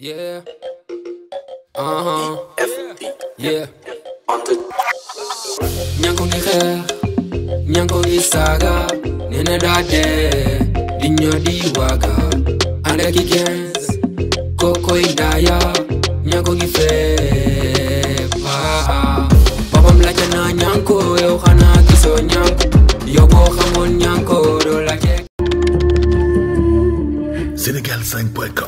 Yeah. Uh huh. Yeah. Nyanko ni khe, nyanko ni nene dade, dinyo di waga, ande ki koko indaya, Nyango ni pa. Papa mlacha na nyango, eo khana kiso nyanko, yobo khamon nyango, do la Sénégal 5.com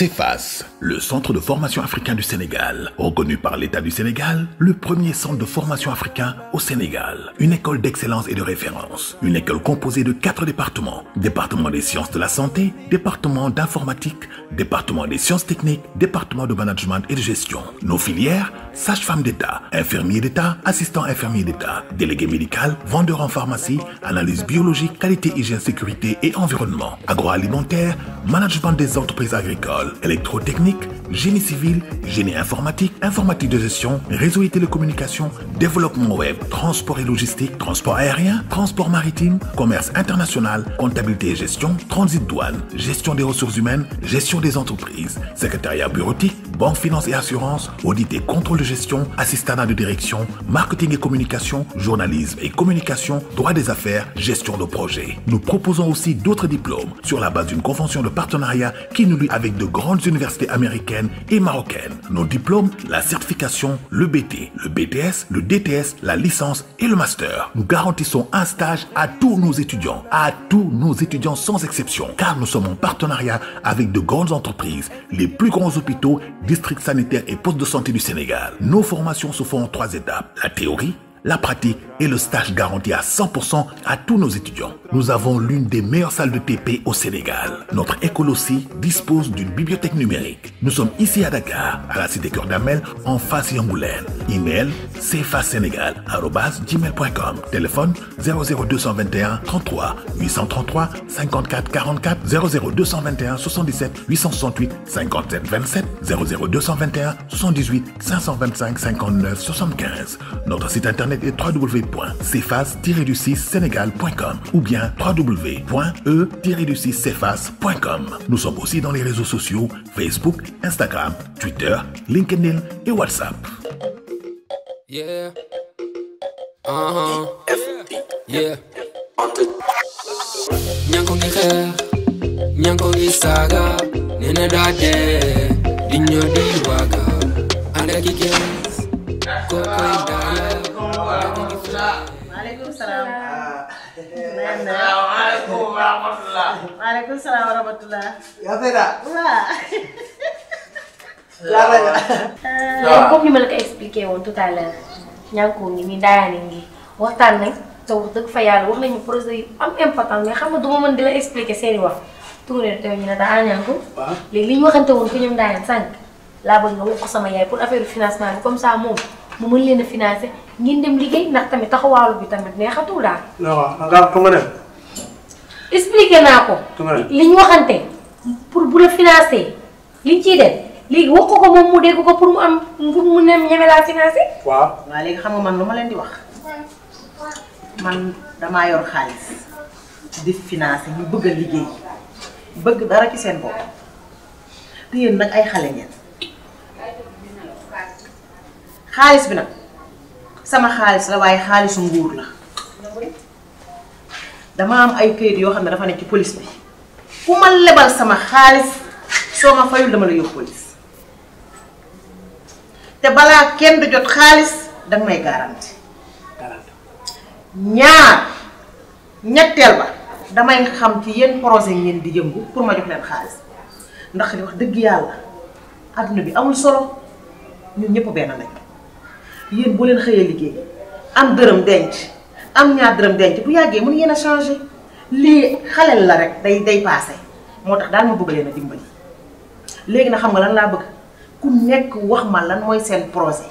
CEFAS, le centre de formation africain du Sénégal, reconnu par l'État du Sénégal, le premier centre de formation africain au Sénégal, une école d'excellence et de référence, une école composée de quatre départements, département des sciences de la santé, département d'informatique, département des sciences techniques, département de management et de gestion. Nos filières sage-femme d'État, infirmier d'État, assistant infirmier d'État, délégué médical, vendeur en pharmacie, analyse biologique, qualité, hygiène, sécurité et environnement, agroalimentaire, management des entreprises agricoles, électrotechnique, génie civil, génie informatique, informatique de gestion, réseau et télécommunications, développement web, transport et logistique, transport aérien, transport maritime, commerce international, comptabilité et gestion, transit douane, gestion des ressources humaines, gestion des entreprises, secrétariat bureautique, banque, finance et assurance, audit et contrôle de gestion, Assistantat de direction, marketing et communication, journalisme et communication, droit des affaires, gestion de projet. Nous proposons aussi d'autres diplômes sur la base d'une convention de partenariat qui nous lie avec de grandes universités américaines et marocaines. Nos diplômes, la certification, le BT, le BTS, le DTS, la licence et le master. Nous garantissons un stage à tous nos étudiants, à tous nos étudiants sans exception, car nous sommes en partenariat avec de grandes entreprises, les plus grands hôpitaux, District sanitaire et poste de santé du Sénégal. Nos formations se font en trois étapes. La théorie, la pratique et le stage garantis à 100% à tous nos étudiants. Nous avons l'une des meilleures salles de TP au Sénégal. Notre école aussi dispose d'une bibliothèque numérique. Nous sommes ici à Dakar, à la cité Cœur d'Amel, en face Yangoulène. Email cfasénégal.com. Téléphone 00221 33 833 54 44 00221 77 868 57 27 00221 78 525 59 75. Notre site internet internet et www.cefas-du6sénégal.com ou bien www.e-du6cefas.com. Nous sommes aussi dans les réseaux sociaux Facebook, Instagram, Twitter, LinkedIn et WhatsApp. Yeah. Uh -huh. yeah. ñanko ngi xeex ñanko ngi saaga nee na daa di ñoo di waaga ànd ak i salaam. asalaamaaleykum wa rahmatulah. waaleykum salaam wa rahmatulah. yaa fay daal. waaw. laa la ñu. comme ni ma la ko expliqué woon tout à l'heure ñànkoo ngi nii daayaane ngi waxtaan nañ te wax dëgg fa yàlla wax nañu projet yu am important mais xam nga du ma mën di la expliqué seeni wax tourné teew ñu ne daal ñànku. waaw léegi li ñu waxante woon ko ñoom daayaan sànq laa bëgg nga wax ko sama yaay pour affaire financement bi comme ça moom mu mën leen a financer. ngeen dem liggéey ndax tamit taxawaalu bi tamit neexatul ah. daal. non waaw nga fa nga dem. expliqué naa ko. li ñu waxante pour bu la financé li ñu ciy def léegi wax ko ko moom mu dégg ko pour mu am pour mu nem ñeme laa financé. waaw waaw léegi xam nga man lu ma leen di wax man damaa yor xaalis di financé ñu bëgg a liggéey bëgg dara ci seen bopp te yéen nag ay xale ngeen xaalis bi nag. sama xaalis la waaye xaalis nguur la dama am ay kayit yoo xam ne dafa nekk ci police bi ku ma lebal sama xaalis soo ma fayul dama la yóbbu police te balaa kenn du jot xaalis danga may garanti ñaar ñetteel ba damay xam ci yenn projet ngeen di yëngu pour ma jox leen xaalis ndax di wax dëgg yàlla adduna bi amul solo ñun ñëpp benn lañ yéen boo leen xëyee liggéey am dërëm denc am ñaar dërëm denc bu yàggee mën ngeen a changé lii xaleel la rek day day passé moo tax daal ma bëgg leen a dimbali. léegi na xam nga lan laa bëgg ku nekk wax ma lan mooy seen projet.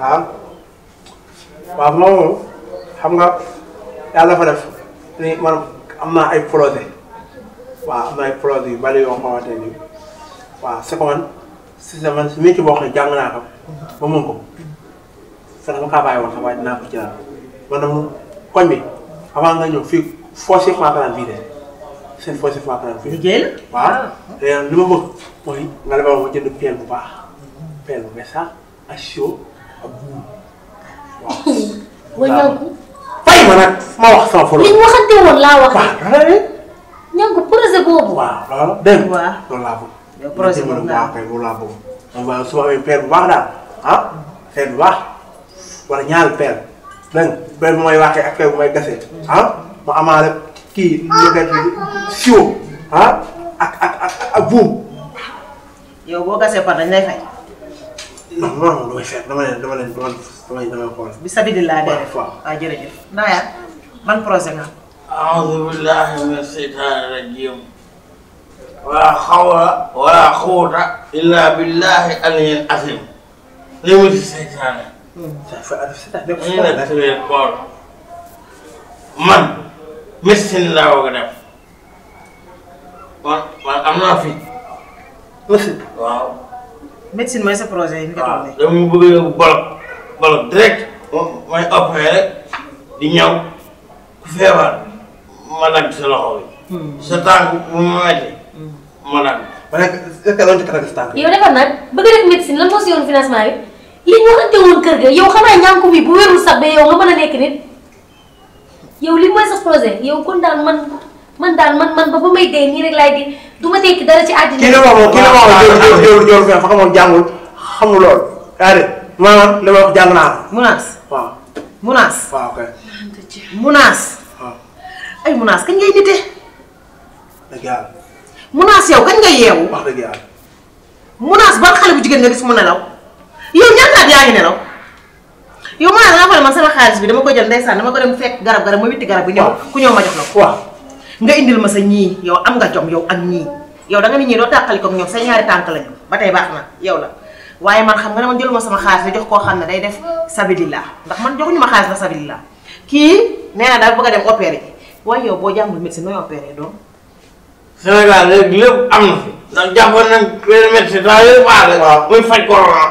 ah waaw moom nga yàlla fa def am naa ay projet waaw am na ay projet yu bari yoo xamante ni waaw c'est si sa man si métier boo xam ne jàng naa ko ba moom ko sax dama kaa bàyyi woon xam waaye dinaa ko ci koñ bi avant nga ñëw fii fossé maa ko daan seen fossé maa ko daan vidé. liggéey ah. ma bëgg mooy nga demal ma jënd peel bu baax peel bu bees ak ak buum waaw. ma nag ma wax sama foro. li waxante woon laa wax. waaw ñanku projet boobu. waaw waaw dégg nga. laa bëgg. projet mo na ko mo labo on va so avec père warda ha sen wax wala ñaal père mau ben moy waxé ak père moy gassé ha mu amale ki ñu sio ha ak ak ak ak boum yow bo gassé par dañ lay fay non non do fait dama len dama len dama dama dama xol bi sabidillah dere ah jere jere naya man projet nga Aku بالله من الشيطان الرجيم ولا حول ولا قوة إلا بالله العلي العظيم لموت نعم. الشيطان نعم. أين تبيكور من مسن لا وقدم من أمنا في مسن واو مثل ما يسا بروزي لم يبقى بلق بلق direct may opéré rek di ñëw ku feebar ma dagg sa loxo bi sa tànk ma naan. ma nekk est-ce que loolu ci kanam nag bëgg def médecine lan moo si yoon financement bi li ñu waxante woon kër ga yow xanaa ñànku bi bu wérul sax ba yow nga mën a nekk nit yow li mooy sa projet yow kon daan man man daal man man ba ba may dee nii rek laay di du ma tekki dara ci àddina. kii la waxoon kii la waxoon Dior Dior Dior Dior fa de maanaam li ma wax jàng naa ko. munaas munaas. munaas. ay munaas kañ ngay nite. dëgg yàlla. munaas yow kañ nga yeewu. wax dëgg yàlla. munaas ban xale bu jigéen nga gis mu nelaw yow ñaata at yaa ngi nelaw yow munaas nga xam man sama xaalis bi dama ko jël ndeysaan dama ko dem fekk garab garab ma witti garab bi ñëw ku ñëw ma jox la ko. waaw nga indil ma sa ñii yow am nga jom yow ak ñii yow ni ñii doo tàqali koog ñoom sa ñaari ba tey baax na yow la waaye man xam nga ne man jëluma sama xaalis la jox koo xam ne day def sabilillah ndax man joxuñu ma xaalis la sabilillah kii nee na daal bëgg a dem opéré ji waaye yow boo jàngul médecine nooy opéré doom Sénégal léegi lépp am na ndax jàppoon nañ benn médecin temps yële baax la. waaw muy faj corona.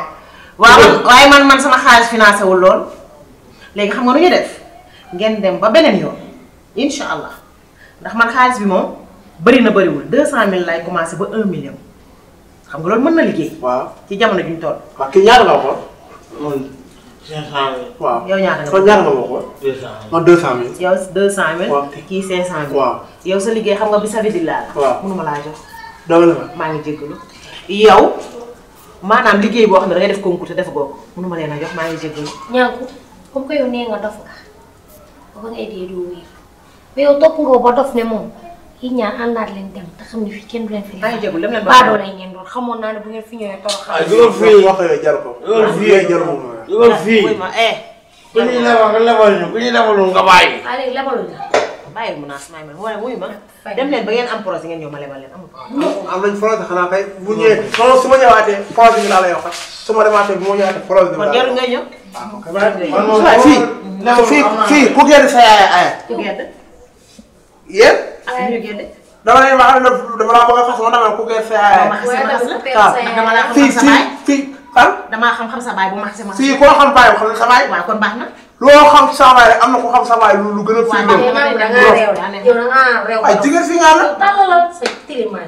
waaw waaye man man sama xaalis financé wul lool léegi xam nga nu ñu def ngeen dem ba beneen yoon incha allah ndax man xaalis bi moom bëri na bëriwul 200000 lay commencé ba 1 million xam nga loolu mën na liggéey. waaw ci jamono juñ toll. waaw kii ñaar la ko. 500000. waaw yow ñaata nga ko ñaata nga ko. 200000 man 200000. yow 200000. waaw kii 500000. waaw sa liggéey xam nga bisabilillah la. waaw mënuma laa jox. dama la maa ngi jégalu. yow maanaam liggéey boo xam ne da def concours te def ko mënuma leen a jox maa ngi jégalu. ñànku comme que yow nee nga dof nga ba nga aidé doo wéy mais yow toppuroo ba dof ne moom yi ñaar àndaat leen dem te xam ne fii kenn du leen fi. maa ngi jégalu dem leen ba. baadoo lay ngeen doon xamoon naa ne bu ngeen fi yow fii wuy ma eh. ku ñuy lebal nga lebal ñu ku ñuy lebalul nga bàyyi. ah léegi lebalul la bàyyi mun naa sumay ma wala wuy ma dem leen ba ngeen am projet ngeen ñëw ma lebal leen amul problème. am nañ projet xanaa kay bu ñëwee su ma ñëwaatee projet bi laa lay wax su ma demaatee bu ma ñëwaatee projet bi laa lay wax. kon jarul ngay ñëw. waaw fii fii fii ku gedd sa yaay aya. ku gedd. yéen. ak ñu gedd. dama ne ma xam ne dama laa bëgg a fas ma dama ku gedd sa yaay. waaw ma xasee ma dama laa fii fii fii. คำดมาคำสบายบมาใช่ไหมสี่คนคำสบายคนสบายกว่าคนบ้านนะรู้คำสบายอันนั้นคำสบายรู้รู้กันฟิลเลอร์เร็วเวน่ะเร็ววนะเร็วไอ้จิ้งกันฟิงานะตั้งแล้วสิติลิมัย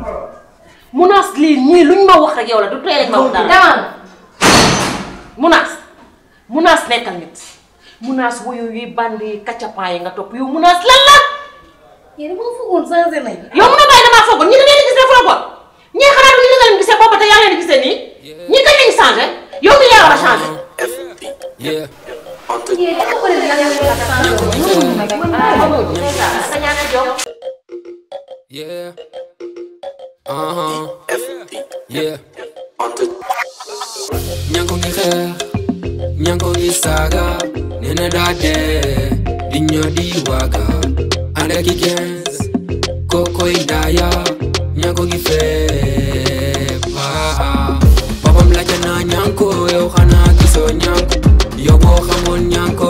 Munas li ni luñ ma wax rek yow la du teel ma wax dara munas munas nekkal nit munas woyu yi bandi yi kacapaa yi nga top yow munas lan la yéen moo foogoon changé nañ yow mo bay dama damaa ñi ne ngeen di gisee foogoon ñi xalaat ñu leen gisee boobu ta yalla leen gisee ni ñi kañ ñi changer yow mi yalla war a Yeah. Uh huh. Yeah. Nyango ni khair, nyanko ni saga, nene dade, dinyo diwaga, ande kikens, koko indaya, Nyango ni pa. Papa mlaja na nyango, yo khana kiso nyanko, yo bo khamon nyanko.